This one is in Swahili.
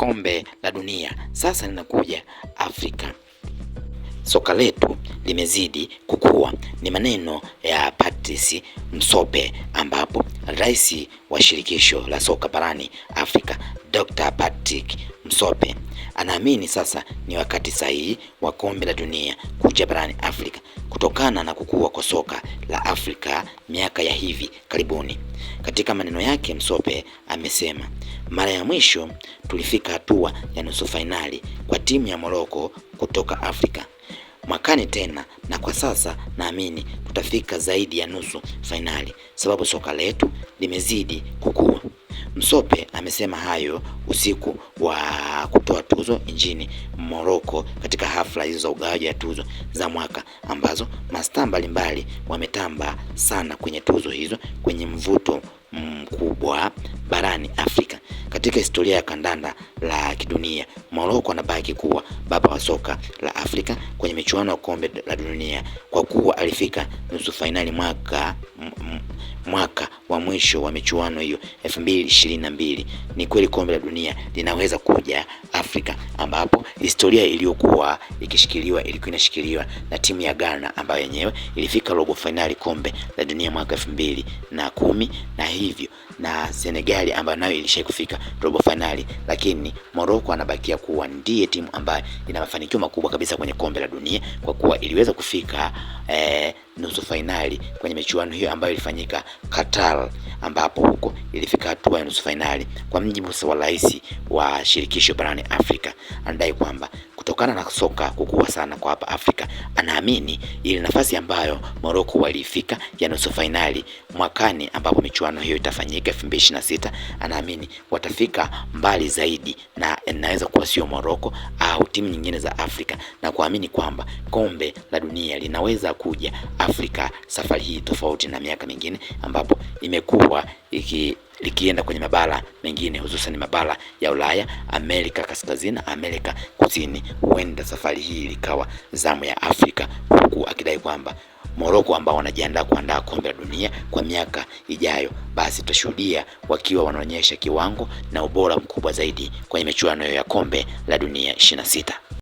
kombe la dunia, sasa linakuja Afrika. Soka letu limezidi kukua, ni maneno ya Patrice Msope, ambapo rais wa shirikisho la soka barani Afrika Dr. Patrick Msope anaamini sasa ni wakati sahihi wa kombe la dunia kuja barani Afrika kutokana na kukua kwa soka la Afrika miaka ya hivi karibuni. Katika maneno yake, Msope amesema mara ya mwisho tulifika hatua ya nusu fainali kwa timu ya Moroko kutoka Afrika mwakani tena, na kwa sasa naamini tutafika zaidi ya nusu fainali, sababu soka letu limezidi kukua. Msope amesema hayo usiku wa kutoa tuzo nchini Morocco katika hafla hizo za ugawaji wa tuzo za mwaka ambazo mastaa mbalimbali wametamba sana kwenye tuzo hizo kwenye mvuto mkubwa barani Afrika. Katika historia ya kandanda la kidunia, Morocco anabaki kuwa baba wa soka la Afrika kwenye michuano ya kombe la dunia kwa kuwa alifika nusu fainali mwaka mwaka wa mwisho wa michuano hiyo 2022. Ni kweli kombe la dunia linaweza kuja Afrika, ambapo historia iliyokuwa ikishikiliwa ilikuwa inashikiliwa na timu ya Ghana ambayo yenyewe ilifika robo fainali kombe la dunia mwaka elfu mbili na kumi na hivyo na Senegali ambayo nayo ilishai kufika robo fainali, lakini Morocco anabakia kuwa ndiye timu ambayo ina mafanikio makubwa kabisa kwenye kombe la dunia kwa kuwa iliweza kufika eh, nusu fainali kwenye michuano hiyo ambayo ilifanyika Qatar, ambapo huko ilifika hatua ya nusu fainali. Kwa mjibu wa rais wa shirikisho barani Afrika, anadai kwamba kutokana na soka kukua sana kwa hapa Afrika, anaamini ile nafasi ambayo Morocco waliifika ya nusu fainali mwakani ambapo michuano hiyo itafanyika 2026, anaamini watafika mbali zaidi, na inaweza kuwa sio Morocco au timu nyingine za Afrika, na kuamini kwamba kombe la dunia linaweza kuja Afrika safari hii, tofauti na miaka mingine ambapo imekuwa iki likienda kwenye mabara mengine hususan mabara ya Ulaya, Amerika Kaskazini na Amerika Kusini. Huenda safari hii likawa zamu ya Afrika, huku akidai kwamba Morocco ambao wanajiandaa kuandaa kombe la dunia kwa miaka ijayo, basi tutashuhudia wakiwa wanaonyesha kiwango na ubora mkubwa zaidi kwenye michuano ya kombe la dunia 26.